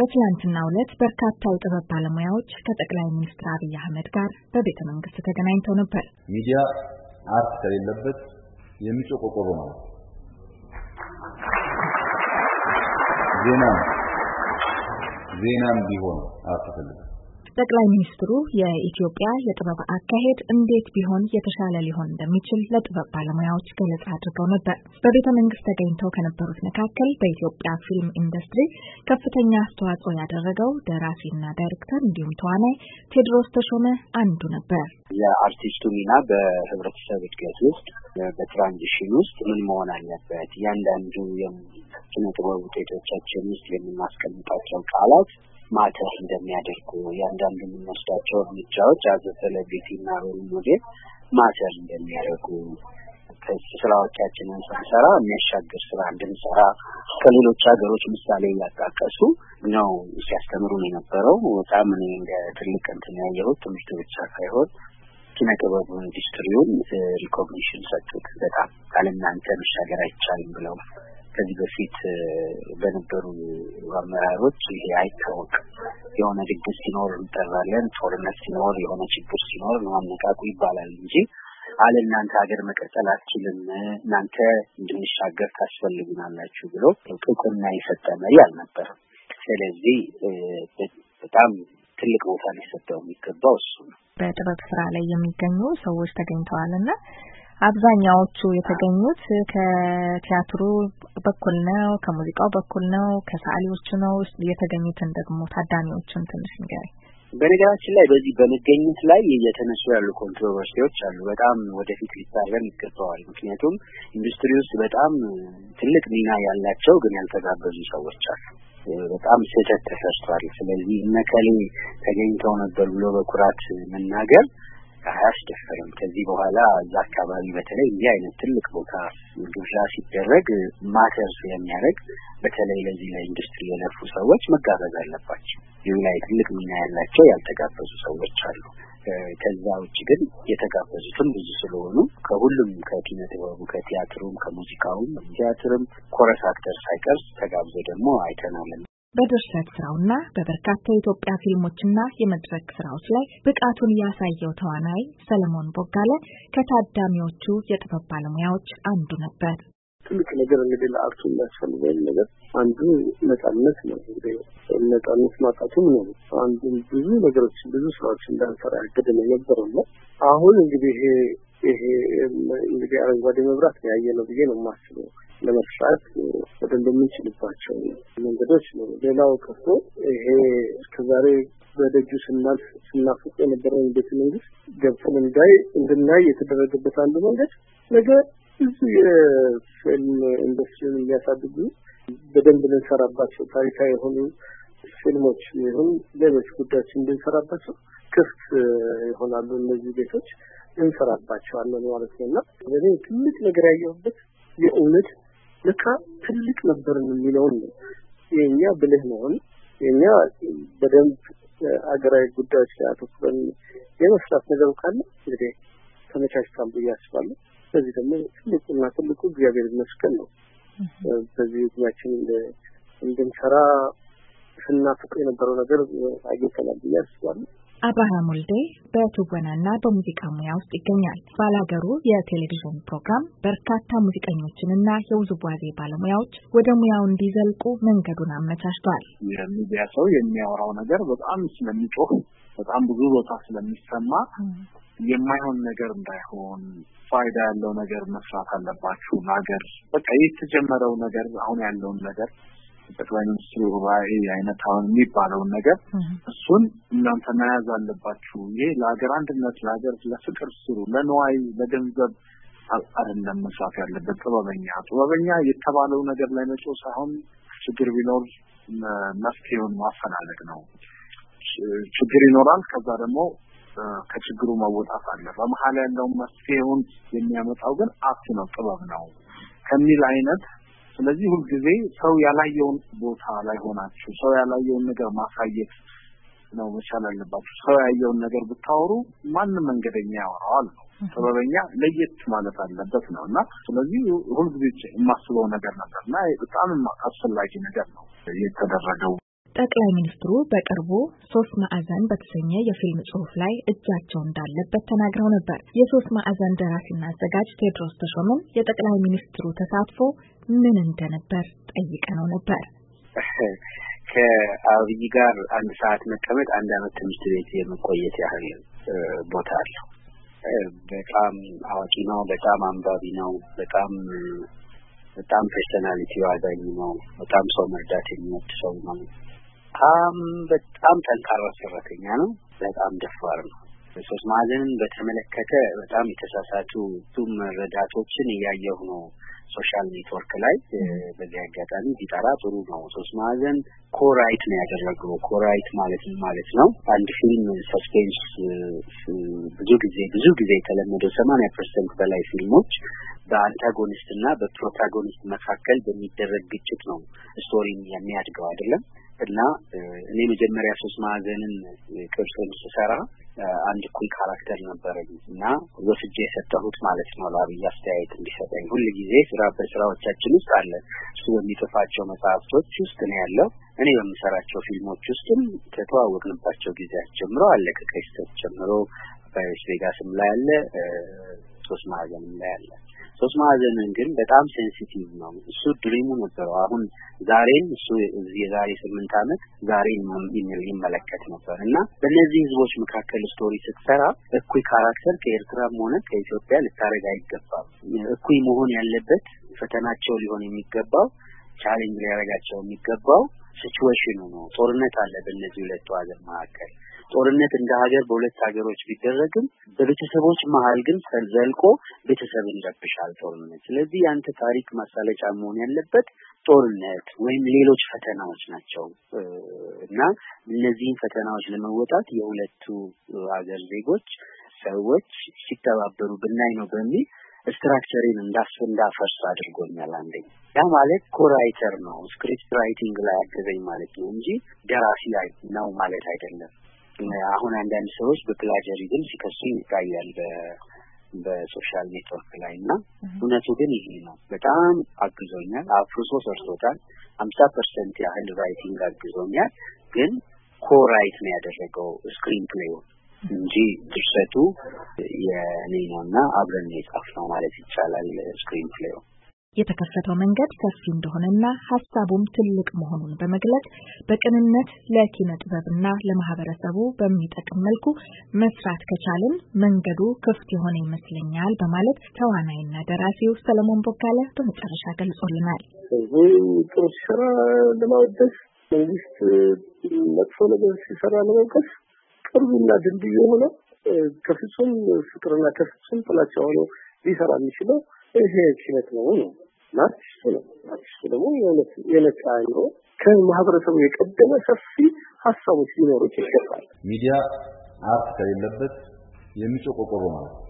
በትላንትናው ዕለት በርካታ የጥበብ ባለሙያዎች ከጠቅላይ ሚኒስትር አብይ አህመድ ጋር በቤተ መንግስት ተገናኝተው ነበር። ሚዲያ አርት ከሌለበት የሚጮህ ቆቆሮ ነው። ዜናም ዜናም ቢሆን አርት ጠቅላይ ሚኒስትሩ የኢትዮጵያ የጥበብ አካሄድ እንዴት ቢሆን የተሻለ ሊሆን እንደሚችል ለጥበብ ባለሙያዎች ገለጻ አድርገው ነበር። በቤተ መንግስት ተገኝተው ከነበሩት መካከል በኢትዮጵያ ፊልም ኢንዱስትሪ ከፍተኛ አስተዋጽኦ ያደረገው ደራሲና ዳይሬክተር እንዲሁም ተዋናይ ቴዎድሮስ ተሾመ አንዱ ነበር። የአርቲስቱ ሚና በህብረተሰብ እድገት ውስጥ በትራንዚሽን ውስጥ ምን መሆን አለበት? እያንዳንዱ የኪነ ጥበብ ውጤቶቻችን ውስጥ የምናስቀምጣቸው ቃላት ማተር እንደሚያደርጉ እያንዳንዱ የምንወስዳቸው እርምጃዎች አዘ ሰለቤቲ እና ሮል ሞዴል ማተር እንደሚያደርጉ ስራዎቻችንን ስንሰራ የሚያሻግር ስራ እንድንሰራ ከሌሎች ሀገሮች ምሳሌ እያጣቀሱ ነው ሲያስተምሩን የነበረው። በጣም እኔ እንደ ትልቅ እንትን ያየሁት ትምህርት ብቻ ሳይሆን ኪነ ጥበቡ ኢንዱስትሪውን ሪኮግኒሽን ሰጡት። በጣም ካለእናንተ መሻገር አይቻልም ብለው ከዚህ በፊት በነበሩ አመራሮች ይሄ አይታወቅም። የሆነ ድግስ ሲኖር እንጠራለን፣ ጦርነት ሲኖር፣ የሆነ ችግር ሲኖር ማነቃቁ ይባላል እንጂ አለ እናንተ ሀገር መቀጠል አትችልም፣ እናንተ እንድንሻገር ታስፈልግናላችሁ ብሎ ጥቅና የሰጠ መሪ አልነበረም። ስለዚህ በጣም ትልቅ ቦታ ሊሰጠው የሚገባው እሱ ነው። በጥበብ ስራ ላይ የሚገኙ ሰዎች ተገኝተዋል እና አብዛኛዎቹ የተገኙት ከቲያትሩ በኩል ነው፣ ከሙዚቃው በኩል ነው፣ ከሰዓሊዎቹ ነው፣ የተገኙትን ደግሞ ታዳሚዎቹን ትንሽ ንገረኝ። በነገራችን ላይ በዚህ በመገኘት ላይ እየተነሱ ያሉ ኮንትሮቨርሲዎች አሉ። በጣም ወደፊት ሊታረም ይገባዋል። ምክንያቱም ኢንዱስትሪ ውስጥ በጣም ትልቅ ሚና ያላቸው ግን ያልተጋበዙ ሰዎች አሉ። በጣም ስህተት ተሰርቷል። ስለዚህ እነ ተገኝተው ነበር ብሎ በኩራት መናገር አያስደፍርም። ከዚህ በኋላ እዛ አካባቢ በተለይ እንዲህ አይነት ትልቅ ቦታ ግብዣ ሲደረግ ማተር ስለሚያደርግ በተለይ ለዚህ ለኢንዱስትሪ የለፉ ሰዎች መጋበዝ አለባቸው። ይህ ላይ ትልቅ ሚና ያላቸው ያልተጋበዙ ሰዎች አሉ። ከዛ ውጭ ግን የተጋበዙትም ብዙ ስለሆኑ ከሁሉም ከኪነ ጥበቡ ከቲያትሩም፣ ከሙዚቃውም፣ ቲያትርም ኮረስ አክተር ሳይቀርስ ተጋብዞ ደግሞ አይተናለን። በድርሰት ስራውና በበርካታ የኢትዮጵያ ፊልሞችና የመድረክ ስራዎች ላይ ብቃቱን ያሳየው ተዋናይ ሰለሞን ቦጋለ ከታዳሚዎቹ የጥበብ ባለሙያዎች አንዱ ነበር። ትልቅ ነገር እንግዲህ ለአርቱ የሚያስፈልገው ነገር አንዱ ነጻነት ነው። እንግዲህ ነጻነት ማጣቱም ነው አንዱ ብዙ ነገሮችን ብዙ ስራዎችን እንዳንሰራ ያገደን የነበረው ነው። አሁን እንግዲህ ይሄ እንግዲህ አረንጓዴ መብራት ያየ ነው ብዬ ነው የማስበው። ለመስራት በደንብ የምንችልባቸው መንገዶች ነው። ሌላው ቀርቶ ይሄ እስከዛሬ በደጁ ስናልፍ ስናፍቅ የነበረውን ቤተ መንግስት ገብተን እንዳይ እንድናይ የተደረገበት አንዱ መንገድ ነገ ብዙ የፊልም ኢንዱስትሪን የሚያሳድጉ በደንብ ልንሰራባቸው ታሪካዊ የሆኑ ፊልሞች ይሁን ሌሎች ጉዳዮች እንድንሰራባቸው ክፍት ይሆናሉ እነዚህ ቤቶች እንሰራባቸዋለን ማለት ነው እና እኔ ትልቅ ነገር ያየሁበት የእውነት ልካ ትልቅ ነበርን የሚለውን ነው። የእኛ ብልህ መሆን የእኛ በደንብ አገራዊ ጉዳዮች ላይ አተኩረን የመስራት ነገር ካለ እንግዲህ ተመቻችታን ብዬ አስባለሁ። በዚህ ደግሞ ትልቁና ትልቁ እግዚአብሔር ይመስገን ነው። በዚህ እድሜያችን እንድንሰራ ስናፍቅ የነበረው ነገር አግኝተናል ብዬ አስባለሁ። አብርሃም ወልዴ በትወናና በሙዚቃ ሙያ ውስጥ ይገኛል። ባላገሩ የቴሌቪዥን ፕሮግራም በርካታ ሙዚቀኞችንና የውዝዋዜ ባለሙያዎች ወደ ሙያው እንዲዘልቁ መንገዱን አመቻችቷል። የሚዲያ ሰው የሚያወራው ነገር በጣም ስለሚጮህ፣ በጣም ብዙ ቦታ ስለሚሰማ የማይሆን ነገር እንዳይሆን ፋይዳ ያለው ነገር መስራት አለባችሁ። ሀገር በቃ የተጀመረው ነገር አሁን ያለውን ነገር ጠቅላይ ሚኒስትሩ ጉባኤ አይነት አሁን የሚባለውን ነገር እሱን እናንተ መያዝ አለባችሁ። ይሄ ለሀገር አንድነት፣ ለሀገር ለፍቅር ስሩ፣ ለንዋይ ለገንዘብ አይደለም መስራት ያለበት ጥበበኛ ጥበበኛ የተባለው ነገር ላይ መጮ ሳይሆን ችግር ቢኖር መፍትሄውን ማፈላለግ ነው። ችግር ይኖራል። ከዛ ደግሞ ከችግሩ መወጣት አለ። በመሀል ያለውን መፍትሄውን የሚያመጣው ግን አክት ነው ጥበብ ነው ከሚል አይነት ስለዚህ ሁልጊዜ ሰው ያላየውን ቦታ ላይ ሆናችሁ ሰው ያላየውን ነገር ማሳየት ነው መቻል አለባችሁ። ሰው ያየውን ነገር ብታወሩ ማንም መንገደኛ ያወራዋል ነው። ጥበበኛ ለየት ማለት አለበት ነው እና ስለዚህ ሁልጊዜ የማስበው ነገር ነበር እና በጣም አስፈላጊ ነገር ነው የተደረገው። ጠቅላይ ሚኒስትሩ በቅርቡ ሶስት ማዕዘን በተሰኘ የፊልም ጽሁፍ ላይ እጃቸው እንዳለበት ተናግረው ነበር። የሶስት ማዕዘን ደራሲና አዘጋጅ ቴዎድሮስ ተሾመን የጠቅላይ ሚኒስትሩ ተሳትፎ ምን እንደነበር ጠይቀነው ነበር። ከአብይ ጋር አንድ ሰዓት መቀመጥ አንድ አመት ትምህርት ቤት የመቆየት ያህል ቦታ አለው። በጣም አዋቂ ነው። በጣም አንባቢ ነው። በጣም በጣም ፐርሰናሊቲ አዛኝ ነው። በጣም ሰው መርዳት የሚወድ ሰው ነው። በጣም በጣም ጠንካራ ሰራተኛ ነው። በጣም ደፋር ነው። ሶስት ማዕዘንን በተመለከተ በጣም የተሳሳቱ መረዳቶችን እያየሁ ነው ሶሻል ኔትወርክ ላይ። በዚህ አጋጣሚ ቢጠራ ጥሩ ነው። ሶስት ማዕዘን ኮራይት ነው ያደረገው። ኮራይት ማለት ምን ማለት ነው? አንድ ፊልም ሰስፔንስ ብዙ ጊዜ ብዙ ጊዜ የተለመደው ሰማንያ ፐርሰንት በላይ ፊልሞች በአንታጎኒስት እና በፕሮታጎኒስት መካከል በሚደረግ ግጭት ነው ስቶሪ የሚያድገው አይደለም። እና እኔ መጀመሪያ ሶስት ማዕዘንን ቅርጽን ስሰራ አንድ እኩል ካራክተር ነበረኝ እና ወስጄ የሰጠሁት ማለት ነው ለአብይ አስተያየት እንዲሰጠኝ። ሁል ጊዜ ስራ በስራዎቻችን ውስጥ አለ። እሱ በሚጽፋቸው መጽሐፍቶች ውስጥ ነው ያለው። እኔ በምሰራቸው ፊልሞች ውስጥም ከተዋወቅንባቸው ጊዜያት ጀምሮ አለ። ከክሪስቶስ ጀምሮ በስቬጋስም ላይ አለ፣ ሶስት ማዕዘንም ላይ አለ። ሶስት ማዕዘንን ግን በጣም ሴንሲቲቭ ነው። እሱ ድሪሙ ነበረው። አሁን ዛሬን እሱ እዚህ የዛሬ ስምንት ዓመት ዛሬን ይመለከት ነበር እና በእነዚህ ህዝቦች መካከል ስቶሪ ስትሰራ እኩይ ካራክተር ከኤርትራም ሆነ ከኢትዮጵያ ልታደርግ አይገባም። እኩይ መሆን ያለበት ፈተናቸው ሊሆን የሚገባው ቻሌንጅ ሊያደርጋቸው የሚገባው ሲቹዌሽኑ ነው። ጦርነት አለ በእነዚህ ሁለቱ ሀገር መካከል ጦርነት እንደ ሀገር በሁለት ሀገሮች ቢደረግም በቤተሰቦች መሀል ግን ዘልቆ ቤተሰብ እንደብሻል ጦርነት። ስለዚህ የአንተ ታሪክ ማሳለጫ መሆን ያለበት ጦርነት ወይም ሌሎች ፈተናዎች ናቸው እና እነዚህን ፈተናዎች ለመወጣት የሁለቱ ሀገር ዜጎች ሰዎች ሲተባበሩ ብናይ ነው በሚል ስትራክቸሪን እንዳስ እንዳፈርስ አድርጎኛል። አንደኝ ያ ማለት ኮራይተር ነው፣ ስክሪፕት ራይቲንግ ላይ አገዘኝ ማለት ነው እንጂ ደራሲ ነው ማለት አይደለም። አሁን አንዳንድ ሰዎች በፕላጀሪዝም ሲከሱ ይታያል በሶሻል ኔትወርክ ላይ እና እውነቱ ግን ይሄ ነው። በጣም አግዞኛል፣ አፍርሶ ሰርቶታል። ሀምሳ ፐርሰንት ያህል ራይቲንግ አግዞኛል። ግን ኮራይት ነው ያደረገው ስክሪን ፕሌውን እንጂ ድርሰቱ የኔ ነው እና አብረን የጻፍ ነው ማለት ይቻላል ስክሪን ፕሌው የተከፈተው መንገድ ሰፊ እንደሆነና ሀሳቡም ትልቅ መሆኑን በመግለጽ በቅንነት ለኪነ ጥበብና ለማህበረሰቡ በሚጠቅም መልኩ መስራት ከቻልን መንገዱ ክፍት የሆነ ይመስለኛል በማለት ተዋናይና ደራሲው ሰለሞን ቦጋለ በመጨረሻ ገልጾልናል። ጥሩ ሲሰራ ለማወደስ፣ መንግስት መጥፎ ነገር ሲሰራ ለመውቀስ ቅርቡና ድንድ የሆነ ከፍጹም ፍቅርና ከፍጹም ጥላቻ ሆኖ ሊሰራ የሚችለው ይሄ ኪነት ነው ነው እና ነው ደግሞ የነጻ ከማህበረሰቡ የቀደመ ሰፊ ሀሳቦች ሊኖሩት ይገባል። ሚዲያ አርት ከሌለበት የሚጮህ ቆርቆሮ ማለት ነው።